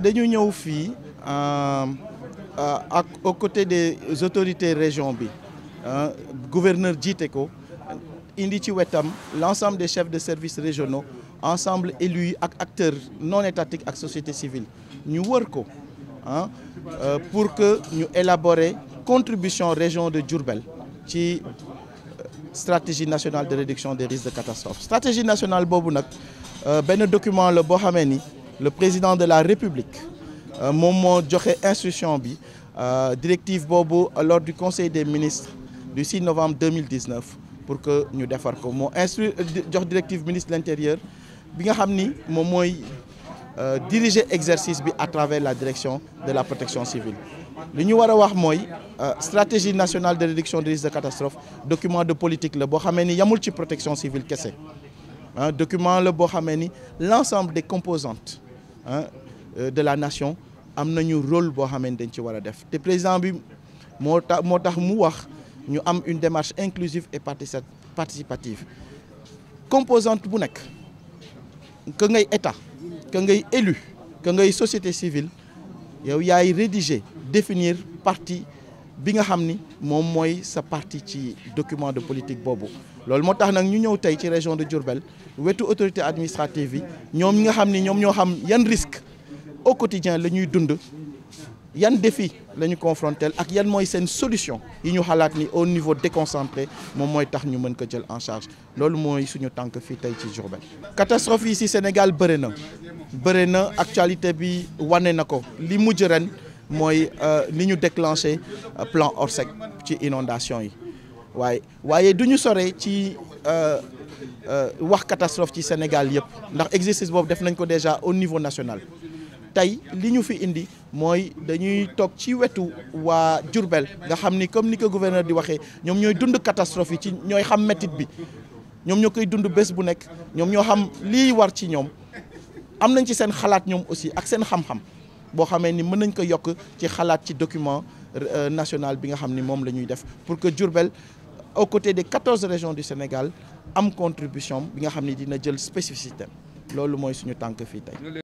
dañu ñëw fii euh, euh, ak aux des autorités région bi gouverneur jiite ko indi ci wetam l'ensemble des chefs de services régionaux ensemble élus ak acteurs non étatiques ak société civile ñu wër ko ah pour que ñu élaborer contribution région de Diourbel ci stratégie nationale de réduction des risques de catastrophe stratégie nationale boobu nag benn document la boo xamee ni le président de la république euh, moom moo joxe instruction bi euh, directive boobu lors du conseil des ministres du 6 novembre 2019 pour que ñu defar ko moo instru euh, jox directive ministre de l'intérieur bi nga xam ni moom mooy diriger exercice bi à travers la direction de la protection civile li ñu war a wax mooy stratégie nationale de réduction des risques de catastrophe document de politique la boo xamee ni yamul ci protection civile kese ah document la boo xamee ni l'ensemble des composantes ah de la nation am nañu rôle boo xamante dañ ci war a def te président bi moo tax moo tax mu wax ñu am une démarche inclusive et participative composante bu nekk que ngay état que ngay élu que ngay société civile yow yaay rédiger définir parti bi nga xam ni moom mooy sa parti ci document de politique boobu loolu moo tax nag ñu ñëw tey ci région de Diourbel wetu autorité administrative bi ñoom ñi nga xam ni ñoom ñoo xam yan risque au quotidien la ñuy dund yan défi la ñu confronter ak yan mooy seen solution yi ñu xalaat ni au niveau déconcentré moom mooy tax ñu mën ko jël en charge loolu mooy suñu tànk fii tey ci Diourbel catastrophe yi si Sénégal bëri na bëri na actualité bi wane na ko li mujj ren mooy euh, ni ñu déclenché euh, plan Orsec ci inondation yi waaye waaye du ñu sore ci euh, wax catastrophe ci Sénégal yëpp ndax exercice boobu def nañ ko déjà au niveau national tey li ñu fi indi mooy dañuy toog ci wetu waa Diourbel nga xam ni comme ni ko gouverneur di waxee ñoom ñooy dund catastrophe yi ci ñooy xam métit bi ñoom ñoo koy dund bés bu nekk ñoom ñoo xam lii war ci ñoom am nañ ci seen xalaat ñoom aussi ak seen xam-xam boo xamee ni mën nañ ko yokk ci xalaat ci document euh, national bi nga xam ni moom la ñuy def pour que Diourbel au côté de quatorze régions du Sénégal am contribution bi nga xam ni dina jël spécificité loolu mooy suñu tànk fii tey